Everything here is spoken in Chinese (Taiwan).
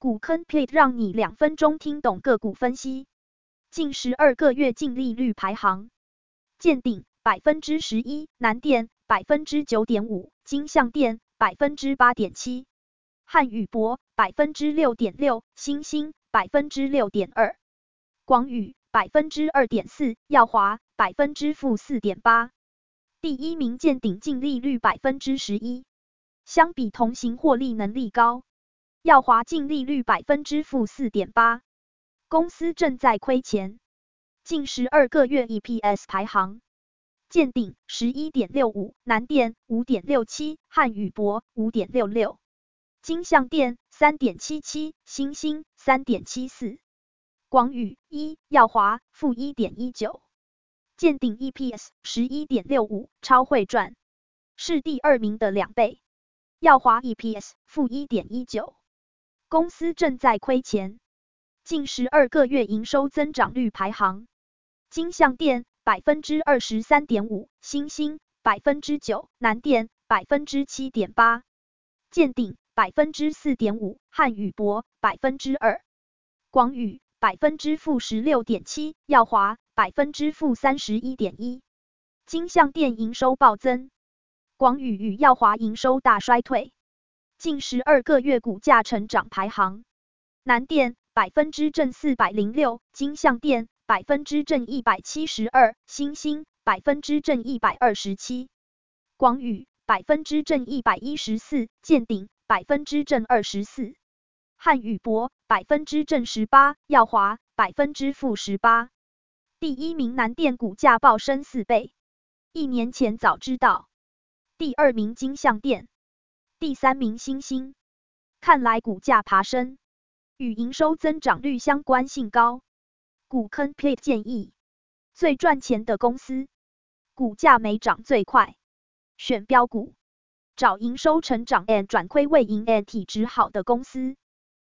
股坑 plate 讓你兩分鐘聽懂個股分析。近十二個月淨利率排行：健鼎百分之十一，南電百分之九點五，金像電百分之八點七，瀚宇博百分之六點六，欣興百分之六點二，廣宇百分之二點四，耀華百分之負四點八。第一名健鼎淨利率百分之十一，相比同行獲利能力高。耀華淨利率百分之負四點八，公司正在虧錢。近十二個月 EPS 排行：健鼎十一點六五，南電五點六七，瀚宇博五點六六，金像電三點七七，欣興三點七四，廣宇一，耀華負一點一九。健鼎 EPS 十一點六五，e、65，超會賺，是第二名的兩倍。耀華 EPS 負一點一九。公司正在虧錢，近十二個月營收增長率排行：金像電百分之二十三點五，欣興百分之九，南電百分之七點八，健鼎百分之四點五，瀚宇博百分之二，廣宇百分之負十六點七，耀華百分之負三十一點一。金像電營收暴增，廣宇與耀華營收大衰退。近十二個月股價成長排行：南電百分之正四百零六，金像電百分之正一百七十二，欣興百分之正一百二十七，廣宇百分之正一百一十四，健鼎百分之正二十四，瀚宇博百分之正十八，耀華百分之負十八。第一名南電股價暴升四倍，一年前早知道。第二名金像電。第三名，欣興。看來股價爬升與營收增長率相關性高。股坑 pit 建議，最賺錢的公司，股價沒漲最快，選飆股，找營收成長 and 轉虧為盈 and 體質好的公司。